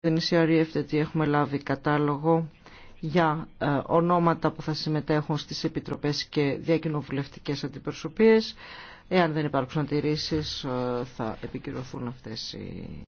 την Ισιαρή ότι έχουμε λάβει κατάλογο για ε, ονόματα που θα συμμετέχουν στις επιτροπές και διακοινοβουλευτικές αντιπροσωπείες. Εάν δεν υπάρξουν αντιρρήσεις ε, θα επικυρωθούν αυτές οι